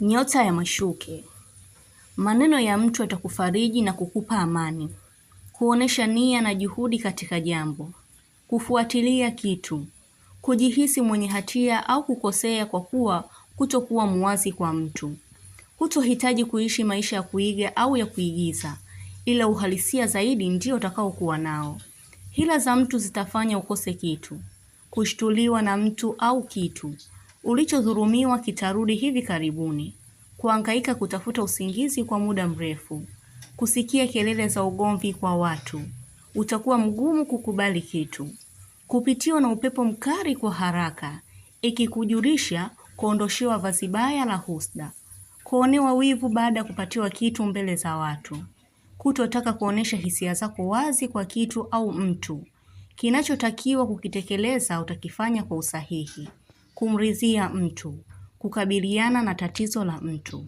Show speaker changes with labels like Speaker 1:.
Speaker 1: Nyota ya mashuke. Maneno ya mtu atakufariji na kukupa amani. Kuonesha nia na juhudi katika jambo. Kufuatilia kitu. Kujihisi mwenye hatia au kukosea kwa kuwa kutokuwa muwazi kwa mtu. kutohitaji kuishi maisha ya kuiga au ya kuigiza, ila uhalisia zaidi ndio utakaokuwa nao. Hila za mtu zitafanya ukose kitu. Kushtuliwa na mtu au kitu. Ulichodhulumiwa kitarudi hivi karibuni. kuangaika kutafuta usingizi kwa muda mrefu. Kusikia kelele za ugomvi kwa watu. Utakuwa mgumu kukubali kitu. Kupitiwa na upepo mkali kwa haraka. Ikikujulisha kuondoshewa vazi baya la husda. Kuonewa wivu baada ya kupatiwa kitu mbele za watu. Kutotaka kuonesha hisia zako wazi kwa kitu au mtu. Kinachotakiwa kukitekeleza utakifanya kwa usahihi kumridhia mtu, kukabiliana na tatizo la mtu.